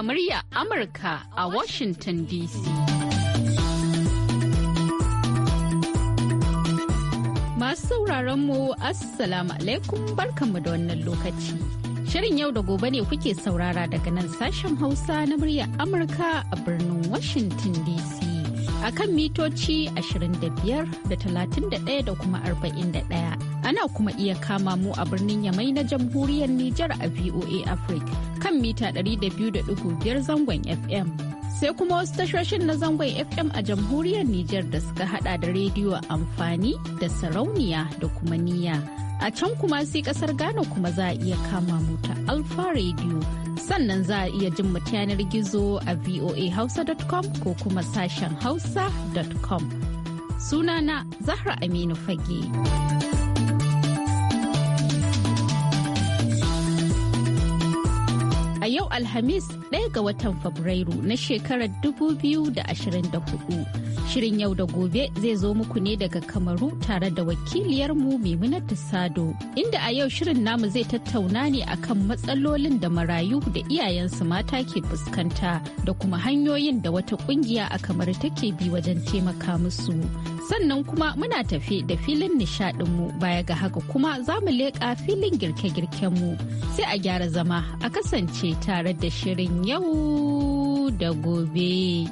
daga murya Amurka a Washington DC. Masu sauraron mu Assalamu alaikum barkanmu da wannan lokaci. Shirin yau da gobe ne kuke saurara daga nan sashen Hausa na murya Amurka a birnin Washington DC. Akan kan mitoci 25 da 31 da kuma 41. Ana kuma iya kama mu a birnin Yamai na jamhuriyar Nijar a VOA Africa kan mita 200.5 zangon FM. Sai kuma wasu tashoshin na zangon FM a jamhuriyar Nijar da suka hada da rediyo amfani da sarauniya da kuma niya A can kuma sai kasar Ghana kuma za a iya kama mu ta Alfa Radio. sannan za a iya jin yanar gizo a voahausa.com ko kuma sashen hausa.com. Sunana Zahra Aminu Fage. Alhamis ɗaya ga watan Fabrairu na shekarar 2024 Shirin yau da gobe zai zo muku ne daga Kamaru tare da wakiliyarmu Maimunatu Sado, inda a yau shirin namu zai tattauna ne akan matsalolin da marayu da iyayensu mata ke fuskanta da kuma hanyoyin da wata kungiya a Kamaru take bi wajen taimaka musu. Sannan kuma muna tafe da filin nishaɗinmu baya ga haka kuma za mu leƙa filin girke-girkenmu sai a gyara zama a kasance tare da shirin yau da gobe.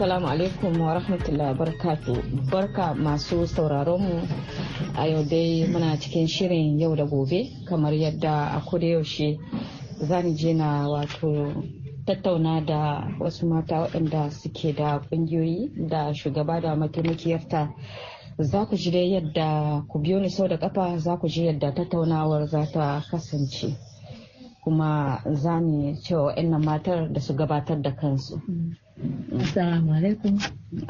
Assalamu alaikum wa rahmatullahi barkatu. Barka masu sauraron mu a yau dai muna cikin shirin yau da gobe kamar yadda a kodayaushe yaushe zani je na wato tattauna da wasu mata waɗanda suke da ƙungiyoyi da shugaba da mataimakiyarta za ku ji dai yadda ku biyo ni sau da kafa za ku ji yadda tattaunawar za ta kasance kuma za ni cewa matar da su gabatar da kansu. Mm. Assalamu alaikum.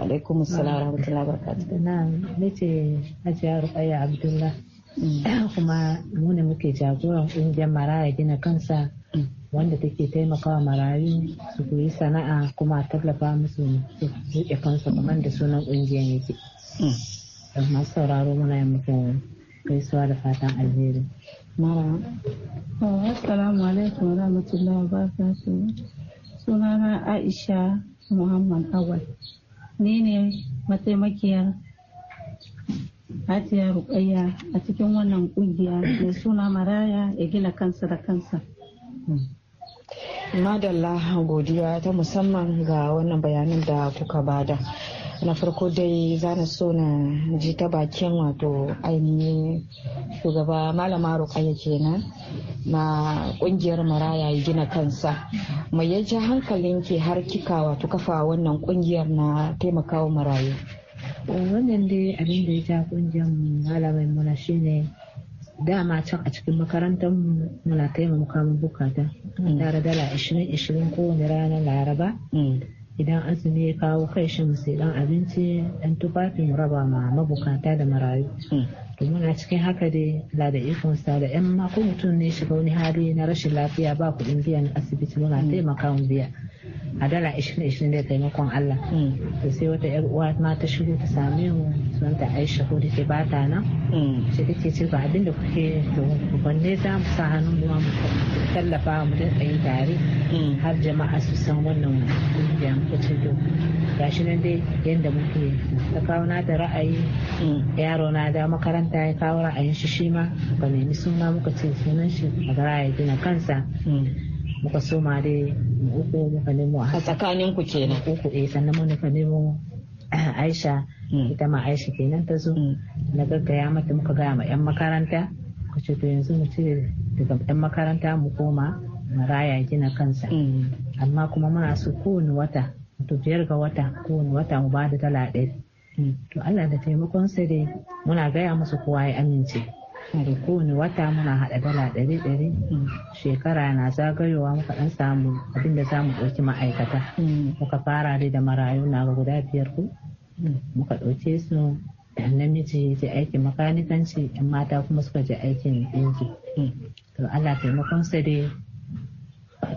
Alaikum assalam wa rahmatullahi wa barakatuh. Na'am, nace Hajiya Rukayya Abdullah. Mm. Kuma mu ne muke jagoran ƙungiyar maraya gina kansa mm. wanda take taimakawa marayu su koyi sana'a kuma tallafa musu su buɗe kansu kamar da sunan ƙungiyar yake. Mm. Masu sauraro muna yin muku gaisuwa da fatan alheri. Mara. Assalamu alaikum wa rahmatullahi wa barakatuh. Sunana Aisha Muhammad Awal. Ni ne mataimakiyar Hajiya Rukayya a cikin wannan kungiya mai suna Maraya ya gina kansa da kansa. Madalla godiya ta musamman ga wannan bayanin da kuka bada. na farko dai zana so na ji ta bakin wato ainihin shugaba malama rukaya kenan na kungiyar maraya gina kansa mai ya ji hankalin ke har kika wato kafa wannan kungiyar na taimakawa marayu wannan dai abin da ya ja kungiyar malamai muna shine dama can a cikin makarantar mu muna taimaka mu bukata mm. tare dala 20-20 kowane ranar laraba mm. idan azumi ya kawo kai shi musu dan abinci dan tufafin raba ma mabukata da marayu hmm. to muna cikin haka dai la da ikon sa da yan mako mutum ne shiga wani hali na rashin lafiya ba kuɗin biyan asibiti muna hmm. taimaka mu biya a dala ishirin ishirin da taimakon Allah hmm. to sai wata yar uwa ma ta shigo ta same mu ta Aisha ko take ba ta nan hmm. sai take ce ba abin da kuke to ne za mu sa hannun mu mu tallafa mu da yin tare hmm. har jama'a su san wannan kungiya muka ce to gashi nan dai yadda muke ta kawo na da ra'ayi yaro na da makaranta ya kawo ra'ayin shi shi ma ba nemi suna muka ce sunan shi a ra'ayi ya gina kansa muka soma dai mu uku muka nemo a tsakanin ku kenan ku eh sannan mu muka nemo eh, Aisha hmm. ita ma Aisha kenan ta zo hmm. na gaggaya mata muka gaya ma yan makaranta ku ce to yanzu mu ce daga yan makaranta mu koma maraya gina kansa hmm. amma kuma muna so kowane wata to biyar ga wata kowane wata mu bada da dala ɗari to Allah da taimakon sai dai muna gaya musu kowa ya amince da kowane wata muna haɗa dala ɗari ɗari shekara na zagayowa muka ɗan samu abin da za mu ɗauki ma'aikata mm. muka fara dai da marayu na ga guda biyar ku mm. muka ɗauke su namiji je aikin makanikanci yan mata kuma suka je aikin ɗinki mm. to Allah taimakon sa dai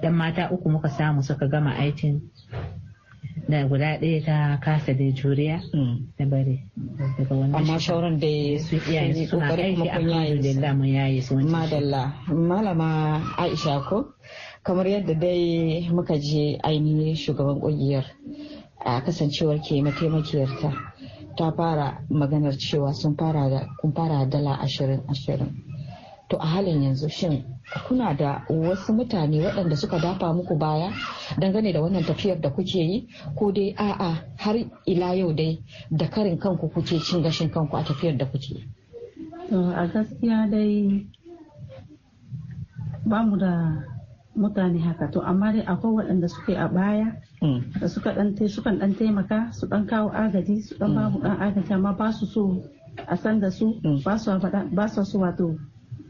ɗan mata uku muka samu suka gama aikin da guda ɗaya ta kasa da juriya da mm. bare daga wani amma shauran da su iyaye mun yaye su madalla malama aisha ko kamar yadda dai muka je ainihin shugaban kungiyar a kasancewar ke mataimakiyarta ta fara maganar cewa sun fara da kun fara dala ashirin ashirin to a halin yanzu shin kuna da wasu mutane waɗanda suka dafa muku baya dangane da wannan tafiyar da kuke yi ko dai a'a har ila yau dai da karin kanku kuke cin gashin kanku a tafiyar da kuke a gaskiya dai ba mu da mutane haka to amma dai akwai waɗanda suke a baya hmm. da suka dan taimaka su dan kawo agaji su dan bamu dan hmm. agaji amma ba su so a san da su hmm. ba su wato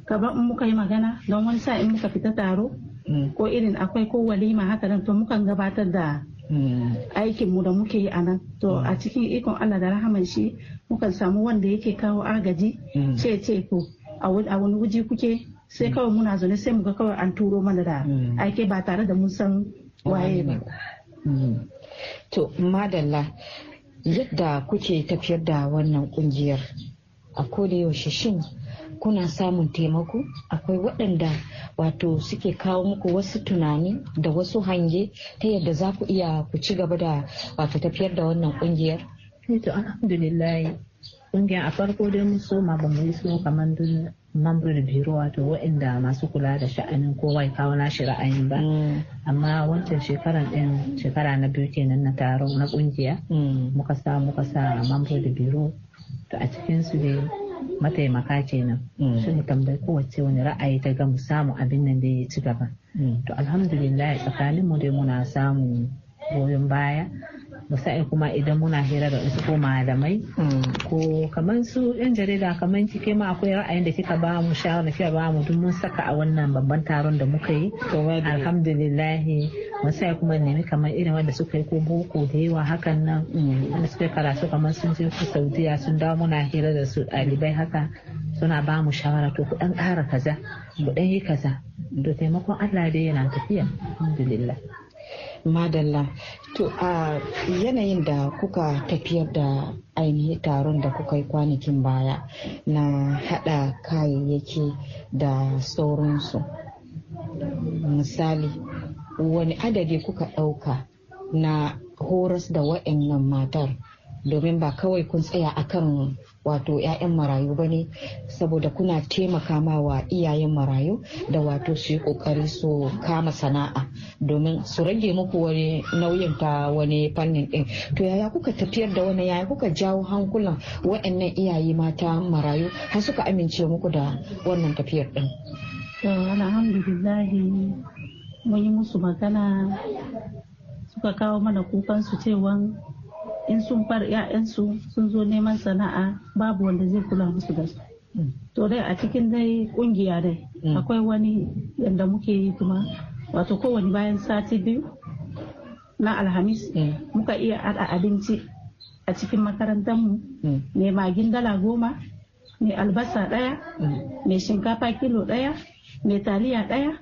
kaba in muka yi magana don wani sa in muka fita taro mm. ko irin akwai ko walima haka nan to mukan gabatar da mm. aikin mu da muke yi a nan to mm. a cikin ikon Allah da rahaman shi mukan samu wanda yake kawo agaji ce ce ko a wani wuji kuke sai kawai muna zaune sai muga kawai an turo mana da aike ba tare da mun san waye ba to madalla yadda kuke tafiyar da wannan kungiyar a koda yaushe shin kuna samun taimako akwai waɗanda wato suke kawo muku wasu tunani da wasu hange ta yadda za ku iya ku ci gaba da wato tafiyar da wannan ƙungiyar. kungiyar eh alhamdulillah ƙungiya a farko dai mun so ma bamu yi so kamar dun mambar biro wato waɗanda masu kula da sha'anin kowa ya kawo shi ra'ayin ba mm. amma wancan shekaran ɗin shekara na biyu kenan na taro na ƙungiya mm. muka sa muka sa mambar biro to a cikinsu su dai mataimaka kenan mm. su ne tambayi kowace wani ra'ayi ta ga mu samu abin nan da ya ci gaba mm. to alhamdulillah tsakanin mu dai muna samun goyon baya musa'in kuma idan muna hira da wasu ko malamai ko kamar su yan jarida kamar kike ma akwai ra'ayin da kika ba mu shawara kika ba mu duk mun saka a wannan babban taron da muka yi alhamdulillah musa'in kuma nemi kamar irin wanda suka yi ko boko da yawa hakan nan mm. wanda suka karatu kamar sun je ku saudiya sun dawo muna hira da su ɗalibai haka suna ba mu shawara to ku ɗan ƙara kaza mu ɗan yi kaza to taimakon Allah dai yana tafiya alhamdulillah madalla to a yanayin da kuka tafiyar da ainihin taron da kuka yi kwanakin baya na hada kayayyaki da sauransu misali wani adadi kuka dauka na horas da wa'annan matar domin ba kawai kun tsaya akan wato 'ya'yan marayu ba ne saboda kuna taimaka ma wa iyayen marayu da wato su yi kokari su kama sana'a domin su rage muku wani nauyin ta wani fannin din to yaya kuka tafiyar da wani yaya kuka jawo hankulan waɗannan iyaye mata marayu har suka amince muku da wannan tafiyar din alhamdulillahi mun yi musu magana suka kawo mana kukan su cewa in sun far 'ya'yansu sun zo neman sana'a babu wanda zai kula musu da su mm. to dai a cikin dai kungiya dai mm. akwai wani yadda muke yi kuma wato kowane bayan sati biyu na alhamis mm. muka iya haɗa abinci a cikin makarantar mu. mai magin dala goma mai albasa ɗaya mai shinkafa kilo ɗaya mai taliya ɗaya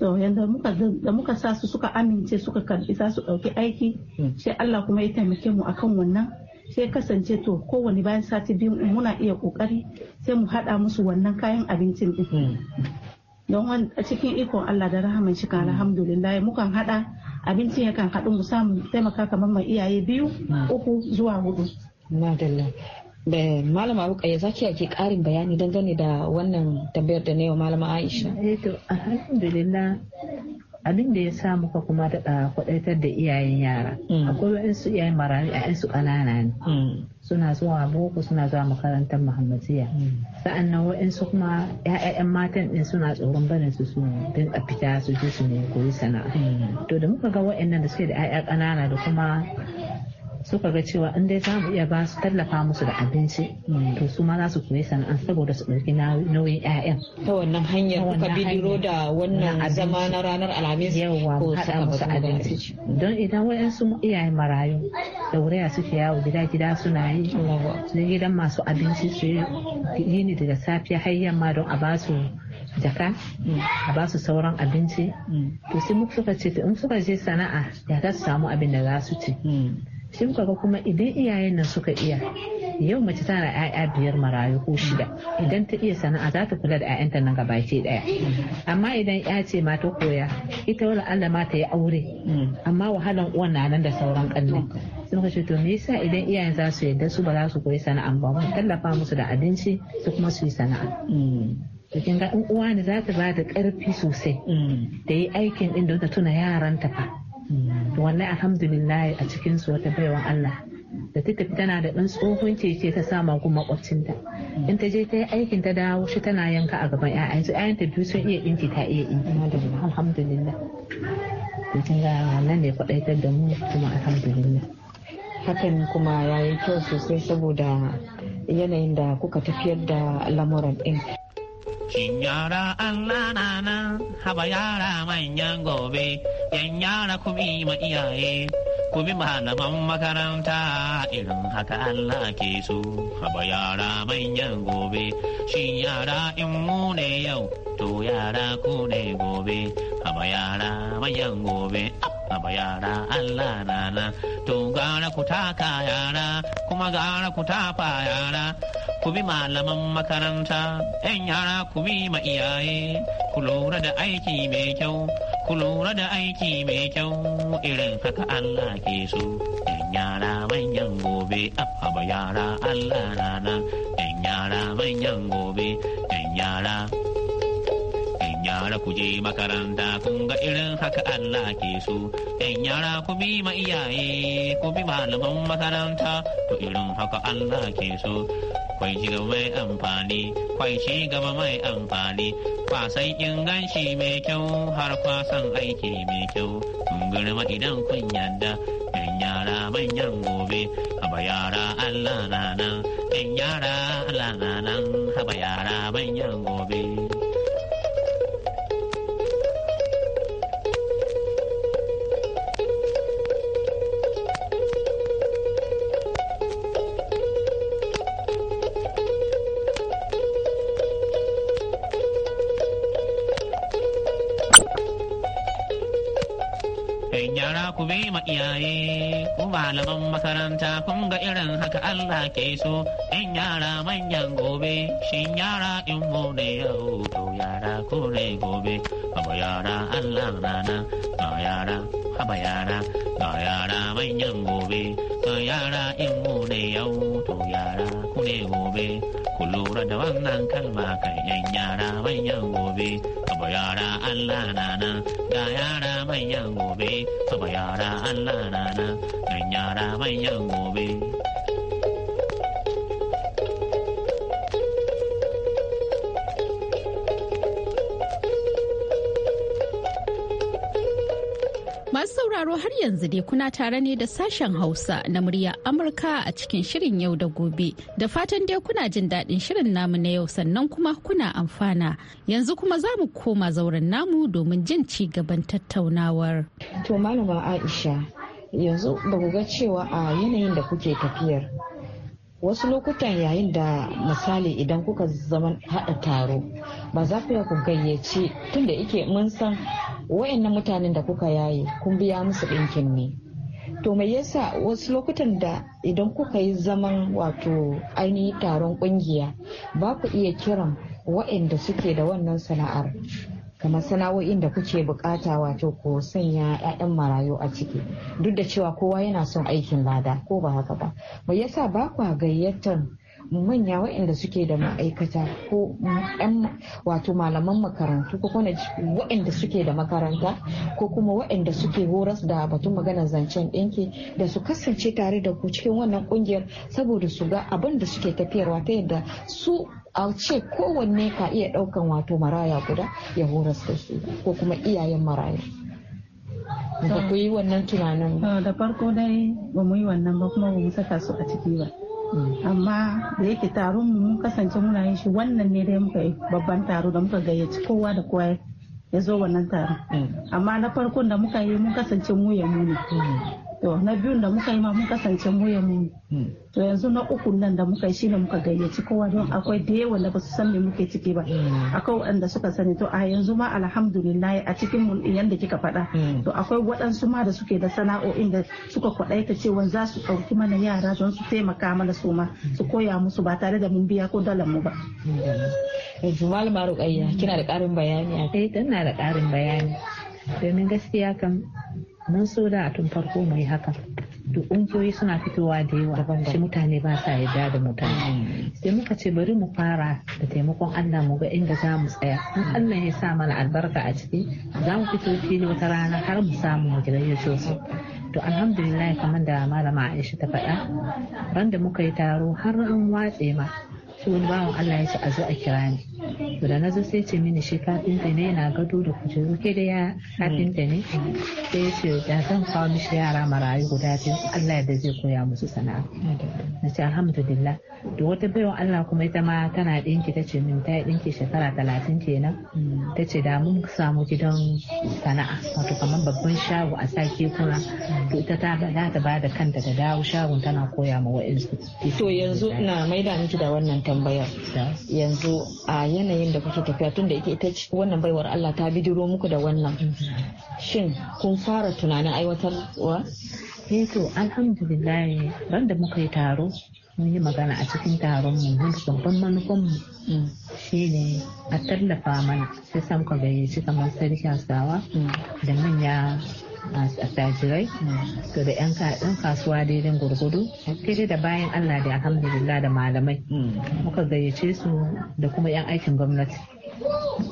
to yanda muka da muka sa su suka amince suka karbi za su dauki aiki hmm. sai Allah kuma ya taimake mu akan wannan sai kasance to kowane bayan sati biyu muna iya kokari sai mu hada musu wannan kayan abincin din hmm. don a cikin ikon Allah da rahaman shi hmm. alhamdulillah mukan hada abincin yakan haɗu mu samu taimaka kamar mai iyaye biyu uku zuwa hudu. da malama ya zaki yake karin bayani dangane da wannan tambayar da na wa malama aisha eh to abin da ya sa muka kuma da kwaɗaitar da iyayen yara mm. akwai wa'insu iyayen marami a yansu ƙanana ne mm. suna zuwa boko suna zuwa makarantar muhammadiya mm. sa'an nan wa'insu kuma ya'ya'yan matan din suna tsoron barin su su a fita su je su ne koyi sana'a to da muka ga wa'annan da suke da ya'ya kanana da kuma suka ga cewa in dai za mu iya ba su tallafa musu da abinci to su ma za su koyi sana'a saboda su ɗauki nauyin 'ya'yan. ta wannan hanyar kuka bidiro da wannan zama na ranar alhamis ko mu musu abinci don idan waɗansu iyaye marayu da wuraya suke yawo gida gida suna yi na gidan masu abinci su yi ni daga safiya har yamma don a ba su jaka a ba su sauran abinci mm. to sai muka suka ce in suka je sana'a ya za su samu abin da za su ci mm. sun muka kuma idan iyayen nan suka iya yau mace tana ‘ya'ya biyar marayu ko shida idan ta iya sana'a za ta kula da ‘ya'yanta nan ke daya amma idan ya ce mata koya ita wala Allah ma ta yi aure amma wahalan uwan na nan da sauran kanne sun ka to me yasa idan iyayen za su yadda su ba za su koyi sana'a ba mu tallafa musu da abinci su kuma su yi sana'a bikin ga uwa ne za ta ba da karfi sosai da mm. yi aikin inda ta tuna yaranta fa wallahi alhamdulillah a cikin su wata baiwa Allah da ta tafi tana da ɗan tsohon keke ta sama gun makwacinta in ta je ta yi aikin ta dawo shi tana yanka a gaban 'ya'yan su 'ya'yan ta biyu sun iya ɗinki ta iya ɗinki alhamdulillah to kin ga nan ne faɗaitar da mu kuma alhamdulillah hakan kuma ya kyau sosai saboda yanayin da kuka tafiyar da lamuran ɗin Shin yara Allah na nan haba yara manyan gobe, yan yara ku ma iyaye, ku bi malaman makaranta irin haka Allah ke so. Haba yara manyan gobe, shin yara in mu ne yau, to yara ku ne gobe, haba yara manyan gobe. Haba yara Allah na nan, to gara ku taka yara, kuma gara ku tafa yara. ku bi malaman makaranta, ‘yan yara ku bi ma iyaye, ku lura da aiki mai kyau, ku lura da aiki mai kyau, irin haka Allah ke so. ‘Yan yara manyan gobe, abba yara Allah rana, ‘yan yara manyan gobe, ‘yan yara. ‘Yan yara ku je makaranta, kun ga irin haka Allah ke so. ‘Yan yara ku bi ma iyaye, ku bi malaman makaranta, to irin haka Allah ke so. kwai ci gaba mai amfani kwai ci gaba mai amfani kwasan inganci mai kyau har kwasan aiki mai kyau kun girma idan kun yarda yan yara manyan gobe haba yara allah na nan yara allah na nan haba yara manyan gobe. ku bi ma iyaye ku malaman makaranta kun ga irin haka Allah ke so in yara manyan gobe shin yara in mu ne yau to yara ku ne gobe haba yara Allah rana ba yara haba yara ba yara manyan gobe ga yara in mu ne yau to yara ku ne gobe ku lura da wannan kalma kan yan yara manyan gobe Saba yara Allah na ga yara manyan gobe, saba yara Allah na don yara manyan gobe. sauraro har yanzu dai kuna tare ne da sashen Hausa na murya Amurka a cikin shirin yau da gobe. Da fatan dai kuna jin daɗin shirin namu na yau sannan kuma kuna amfana. Yanzu kuma za mu koma zauren namu domin jin ci gaban tattaunawar. To malama Aisha, yanzu ba ku ga cewa a yanayin da kuke tafiyar. Wasu lokutan yayin da misali idan kuka zama haɗa taro ba za ku ku gayyaci tunda ike mun san wayannan mutanen da kuka yaye kun biya musu ɗinkin ne to me yasa wasu lokutan da idan kuka yi zaman wato ainihin taron ƙungiya ba ku iya kiran waɗanda suke da wannan sana'ar kamar sana'o'in da kuke bukata wato ko sanya 'ya'yan marayu a ciki duk da cewa kowa yana son aikin lada ko ba haka ba me yasa ba kwa gayyatar manya waɗanda suke da ma'aikata ko wato malaman makarantu ko kuma waɗanda suke da makaranta ko kuma waɗanda suke horas da batun magana zancen ɗinki da su kasance tare da ku cikin wannan ƙungiyar saboda su ga abin da suke tafiyarwa ta yadda su a ce kowanne ka iya ɗaukan wato maraya guda ya horas da su ko kuma iyayen maraya. ba ku yi wannan tunanin ah, da farko dai ba mu yi wannan ba kuma ba mu saka su a ciki ba amma da yake taron mu mun kasance muna yin shi wannan ne dai muka yi babban taro da muka gayyaci kowa da kowa ya zo wannan taron mm. amma na farkon da muka yi mun kasance mu ya mu ne mm. to na biyun da muka yi ma mun kasance wuya mu hmm. to yanzu na uku nan da muka yi shine muka gayyaci kowa don akwai da yawa da basu san me muke ciki ba hmm. akwai waɗanda suka sani to a yanzu ma alhamdulillah a cikin mu yanda kika faɗa hmm. to akwai waɗansu ma da suke da sana'o'in da suka kwaɗaita cewa za su ɗauki mana yara don su taimaka mana su ma su koya musu ba tare da mun biya ko dalar mu ba. malama Maruƙayya kina da ƙarin bayani a kai eh, tana da ƙarin bayani domin gaskiya kam mun so da a tun farko mu yi haka To ƙungiyoyi suna fitowa da yawa shi mutane ba sa yarda da mutane sai muka ce bari mu fara da taimakon Allah mu ga inda za mu tsaya in Allah ya sa mana albarka a ciki za mu fito fili wata rana har mu samu mu gida su to alhamdulillah kamar da malama Aisha ta faɗa banda muka yi taro har an watse ma ce wani bawan Allah ya ce a zo a kira ni to da na zo sai ce mini shi kafinta ne yana gado da kujeru ke da ya kafinta ne sai ce da zan kawo mishi yara marayu guda biyu Allah da zai koya musu sana'a na ce alhamdulillah da wata baiwa Allah kuma ita ma tana ɗinki ta ce min ta yi ɗinki shekara talatin kenan ta ce da mun samu gidan sana'a wato kamar babban shago a sake kekuna to ita ta ba ta ba da kanta da dawo shagon tana koya ma su. to yanzu ina maida miki da wannan ta tambayar yanzu a yanayin da kuke tafiya tun da ita wannan baiwar Allah ta bidiro muku da wannan shin kun fara tunanin aiwatarwa eh to alhamdulillah ran da muka yi taro mun yi magana a cikin taron mu babban manufan mu mm. shine a tallafa mana sai sam ka shi kamar sarki asawa mm. da manya attajirai to da 'yan kasuwa daidai gurgudu daidai da bayan allah da alhamdulillah da malamai muka gayyace su da kuma 'yan aikin gwamnati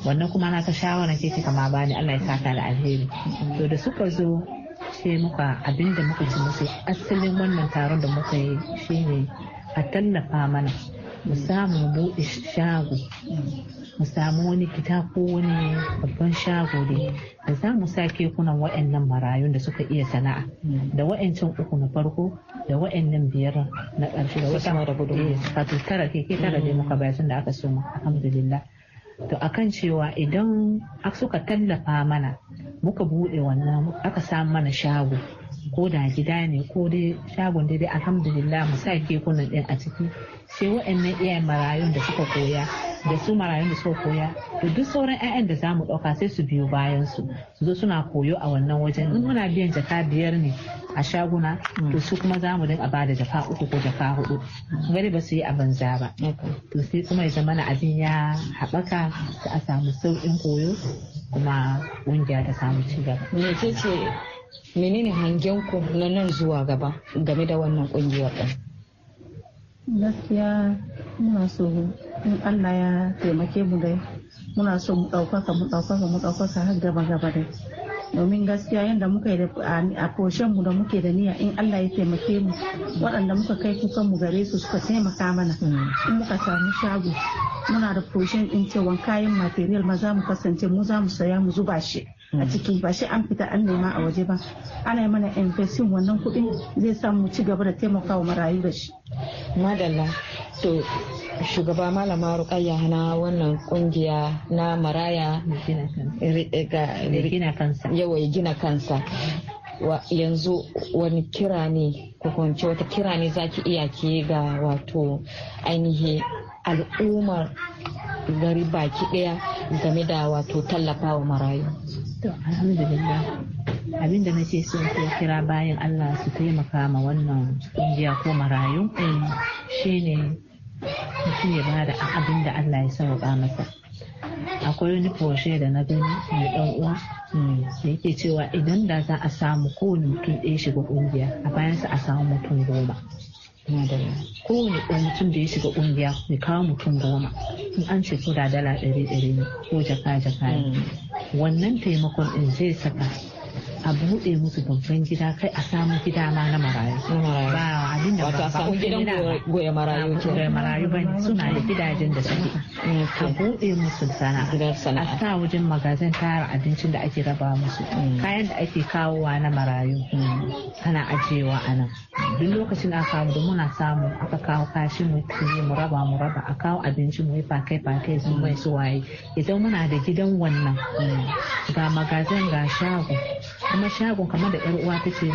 wannan kuma na ta shawara ke cika ma bani allah ya saka da alheri to da suka zo ce muka abin da muka ci musu asalin wannan taron da muka yi shine a tallafa mana mu samu buɗe shago mu samu wani gida ko wani babban shago ne da za mu sa kekunan waɗannan marayun da suka iya sana'a da waɗancan uku na farko da waɗannan biyar na ƙarshe da wata da gudu eh, wato tara keke tara dai muka bayar da aka soma alhamdulillah to akan cewa idan suka tallafa mana muka buɗe wannan aka samu mana shago ko da gida ne ko dai shagon daidai alhamdulillah mu sa kekunan ɗin a ciki sai waɗannan iyayen marayun da suka koya da su marayun da suka koya da duk sauran 'ya'yan da zamu ɗauka sai su biyo bayan su su zo suna koyo a wannan wajen in muna biyan jaka biyar ne a shaguna to su kuma za mu dinga bada jaka uku ko jaka hudu gari ba su yi a banza ba to sai kuma ya zama na abin ya haɓaka da a samu sauƙin koyo kuma ƙungiya ta samu ci gaba. menene hangen ku na nan zuwa gaba game da wannan ƙungiyar ɗin? gaskiya muna so in allah ya taimake mu dai muna so mu ɗaukaka mu ɗaukaka mu ɗaukaka har gaba gaba dai domin gaskiya yadda muka yi a koshen mu da muke da niyya in Allah ya taimake mu waɗanda muka kai kukan mu gare su suka taimaka mana mm. in muka samu shago muna da koshen in cewa kayan material ma za mu kasance mu za mu saya mu zuba shi Mm. a ciki ba shi an fita an nema a waje ba ana yi mana infesin wannan kuɗin zai samu ci gaba da taimakawa marayu da shi madalla to shugaba malama rukayya na wannan kungiya na maraya eh, yawa ya gina kansa yanzu wani kira ne kukunci wata kira ne zaki iya ke ga wato ainihi al'ummar gari baki daya game da wato tallafawa marayu to alhamdulillah abinda na ce sun ke kira bayan Allah su taimaka ma wannan kungiya ko marayu shi eh, shine mutum ya da abin da Allah ya sauka masa akwai wani foshe da na gani mai dan uwa hmm, da yake cewa idan da za a samu kowane mutum ɗaya shiga kungiya a bayansa a samu mutum goma na da kowane mutum da ya shiga ƙungiya ya kawo mutum goma in an ce da dala ɗari ɗari ko jaka jaka mm. wannan taimakon in zai saka a buɗe musu babban gida kai a samu gida ma na marayu ba abin da ba samu gidan goye marayu ke goye marayu ba suna da gidajen da suke a buɗe musu sana'a a sa wajen magazin tara abincin da ake raba musu mm. kayan da ake kawowa na marayu mm. ana ajiyewa a nan duk lokacin aka kawo da muna samu aka kawo kashin mu mu raba mu raba a kawo abincin mu yi fakai fakai su mai su waye idan muna da gidan wannan mm. ga magazin ga shago kuma shagon kamar da yar uwa tace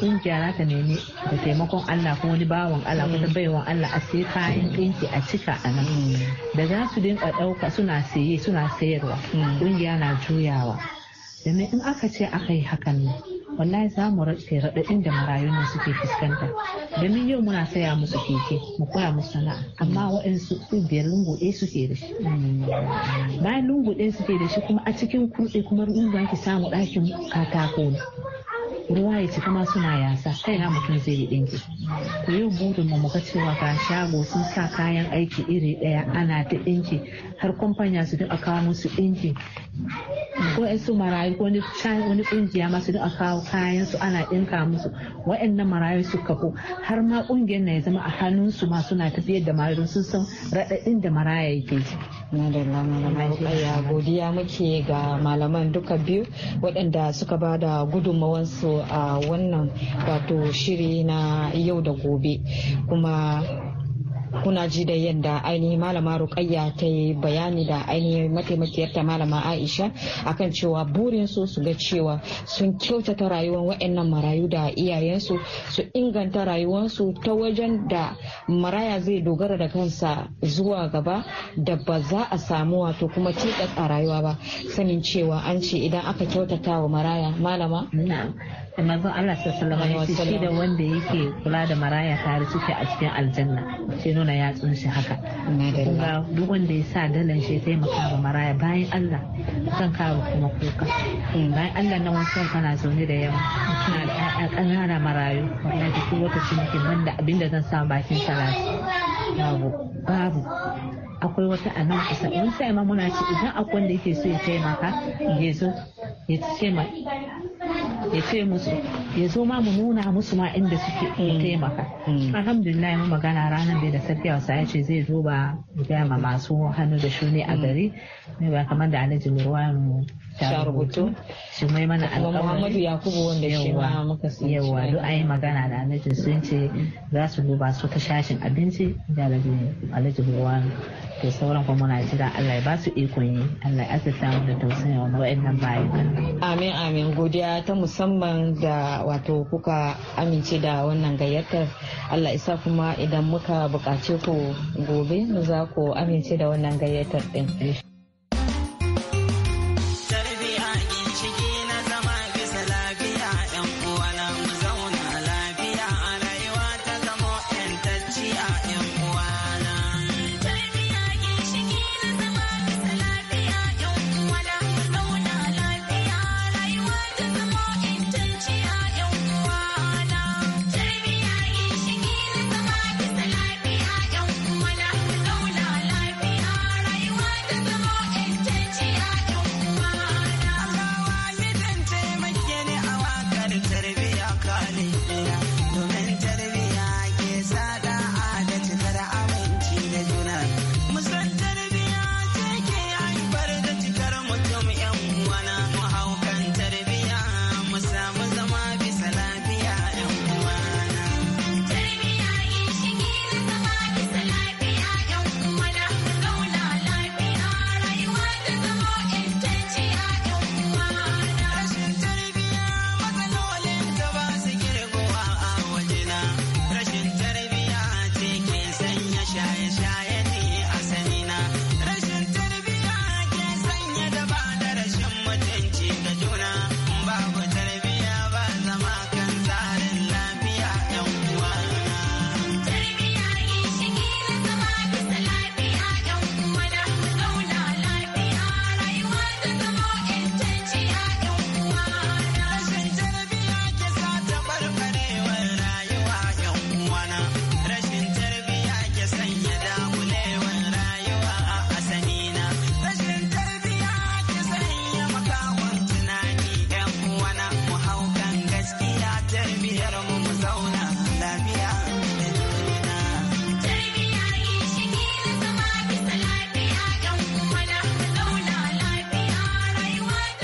kungiya za ta nemi da taimakon Allah ko wani bawan Allah ko mm. baiwan Allah a sai kayan ɗinki a cika a nan mm. da za su dinka ɗauka suna saye suna sayarwa kungiya mm. na juyawa domin in aka ce aka yi hakan ne wallahi za mu rage raɗaɗin da marayun nan suke fuskanta domin yau muna saya musu keke mu koya musu sana'a amma waɗansu su biyar lungu ɗaya suke da shi bayan lungu ɗaya suke da shi kuma a cikin kurɗe kuma lungu ake samu ɗakin katako ruwa ya cika ma suna yasa kai na mutum zai yi dinki ku yi burin mu muka cewa ga shago sun sa kayan aiki iri ɗaya ana ta dinki har kwamfanya su duka kawo musu ɗinki ko su marayu ko wani kungiya ma su duka kawo kayan su ana dinka musu wa'annan marayu su kafo har ma kungiyar na ya zama a hannun su ma suna tafiyar da marayu sun san raɗaɗin da maraya yake ji. Madalla malamai godiya muke ga malaman duka biyu waɗanda suka ba da gudunmawansu a wannan wato shiri na yau da gobe kuma kuna ji da yadda ainihin malama rukayya ta yi bayani da ainihin mataimakiyar ta malama aisha akan cewa burin su su ga cewa sun kyautata rayuwar wa'annan marayu da iyayensu su inganta rayuwarsu ta wajen da maraya zai dogara da kansa zuwa gaba da ba za a samu wato kuma tikas a rayuwa ba sanin cewa an ce idan aka kyautata wa maraya malama manzon Allah sallallahu alaihi wasallam shi da wanda yake kula da maraya tare suke a cikin aljanna sai nuna yatsun tsunshi haka kuma duk wanda ya sa dalan shi sai maka ba maraya bayan Allah kan kawo kuma kuka bayan Allah na wancan kana zaune da yawa kana da marayu ƙanana marayu wallahi duk cikin da abinda zan sa bakin salati babu akwai wata a nan kusa in sai ma muna ci idan akwai wanda yake so ya taimaka ya zo ya ce ma ya ce musu ya zo ma mu nuna musu ma inda suke mm. taimaka mm. alhamdulillah mu magana ranar da da safiya wasa ya ce zai zo ba gyara ma masu hannu da shuni a mm. gari ne ba kamar da alhaji ruwa mu ya rubutu mai mana alƙawari Muhammadu Yakubu wanda shi ma muka sun yawa duk ai magana da Alhaji sun ce za su duba su ta shashin abinci da Alhaji Buwan to sauran kuma muna jira Allah ya ba su ikon yi Allah ya asasa mu da tausayin wani wa'annan bayan Amin amin godiya ta musamman da wato kuka amince da wannan gayyatar Allah isa kuma idan muka buƙace ku gobe za ku amince da wannan gayyatar din.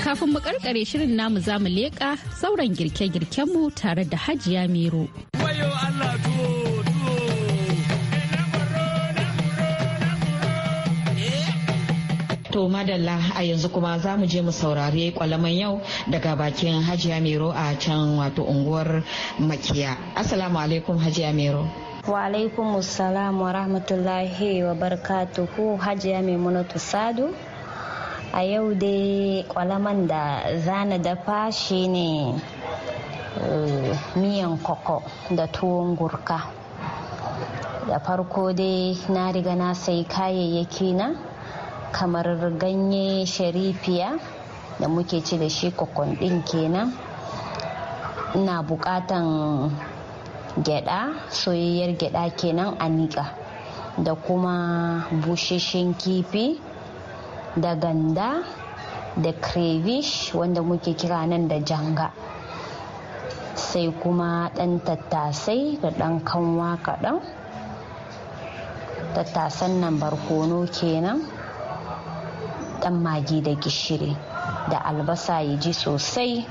Kafin mu karkare shirin namu za mu leƙa sauran girke girken mu tare da Hajiya Mero. To madalla a yanzu kuma za mu je mu saurari kwalaman yau daga bakin Hajiya Mero a can wato unguwar Makiya. Assalamu alaikum Hajiya Mero. Wa alaikum wa rahmatullahi wa barakatuhu Hajiya Maimunatu Sadu. a yau dai kwalaman da zana dafa shi ne eh, miyan koko da tuwon gurka da farko dai na riga na sai kayayyaki na kamar ganye sharifiya da muke ci da shi kokon din kenan ina bukatan gyada soyayyar gyada kenan a niƙa da kuma busheshen kifi da ganda da crayfish wanda muke kira nan da janga sai kuma ɗan tattasai da ɗan kanwa kaɗan tattasan nan barkono kenan ɗan magi da gishiri da albasa ya ji sosai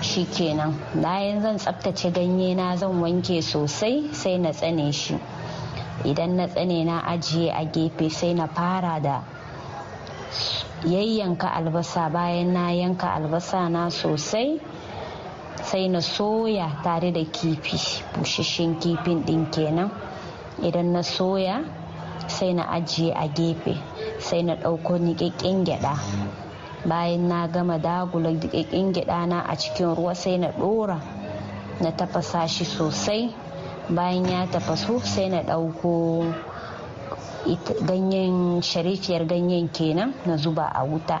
shi kenan bayan zan tsabtace ganye na zan wanke sosai sai na tsane shi idan na tsane na ajiye a gefe sai na fara da yayyanka albasa bayan na yanka albasa na sosai sai na soya tare da kifi bushashen kifin din kenan idan na soya sai na ajiye a gefe sai na ɗauko niƙaƙƙen gyaɗa bayan na gama dagula niƙaƙƙen gyaɗa na a cikin ruwa sai na ɗora na tafasa shi sosai bayan ya tafasu sai na ɗauko ganyen sharifiyar ganyen kenan na zuba a wuta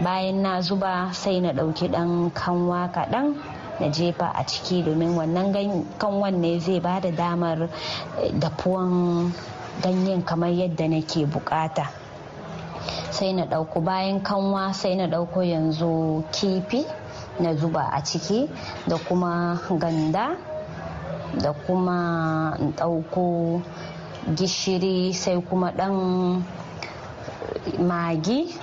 bayan na zuba sai na ɗauki ɗan kanwa kaɗan na jefa a ciki domin wannan kanwan ne zai ba da damar eh, dafuwan ganyen kamar yadda nake bukata sai na ɗauko bayan kanwa sai na ɗauko yanzu kifi na zuba a ciki da kuma ganda da kuma ɗauko gishiri sai kuma ɗan magi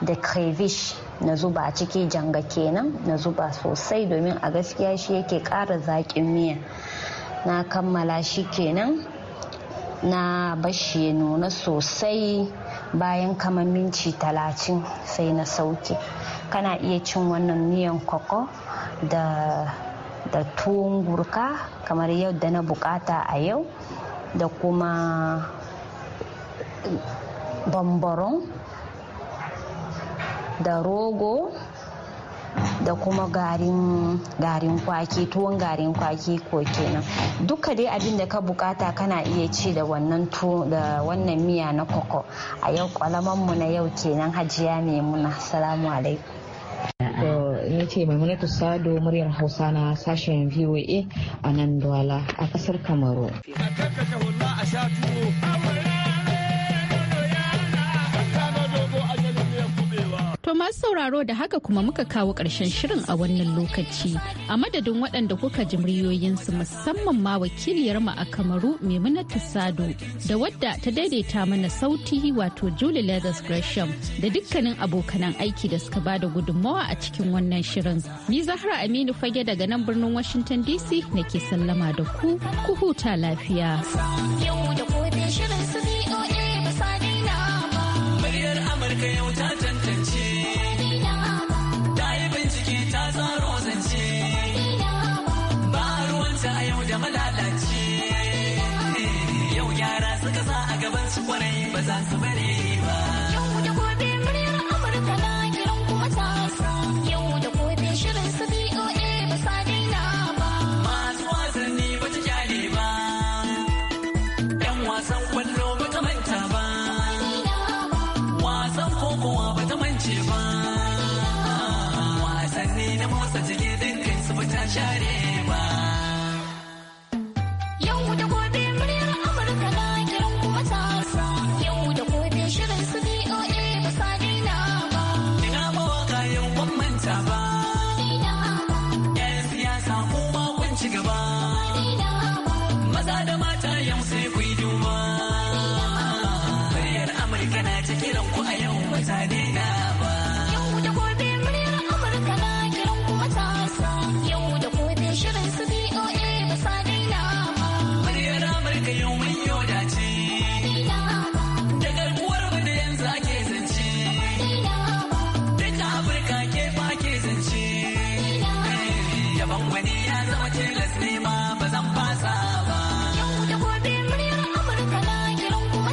da crayfish na zuba ciki janga kenan na zuba sosai domin a gaskiya shi yake ƙara zaƙin miya na kammala shi kenan na bashi ya nuna sosai bayan kamar minci talatin sai na sauke kana iya cin wannan miyan koko da da tuwon gurka kamar yadda na bukata a yau da kuma bambaron da rogo da kuma garin kwaki tuwon garin kwaki ko kenan duka dai abin da ka bukata kana iya ci da wannan da wannan miya na koko a yau kwalaman mu na yau kenan hajiya muna salamu alaikum ni ce maimunatu sado muryar hausa na sashen voa a nan duwala a kasar kamaru. masu sauraro da haka kuma muka kawo ƙarshen shirin a wannan lokaci. A madadin waɗanda kuka ji muryoyinsu musamman ma wakiliyarmu a Kamaru Maimunatu Sado da wadda ta daidaita mana sauti wato Julie Leathers Gresham da dukkanin abokanan aiki da suka bada gudummawa a cikin wannan shirin. Ni Zahra Aminu Fage daga nan birnin Washington DC nake sallama da ku, ku huta lafiya. Chare.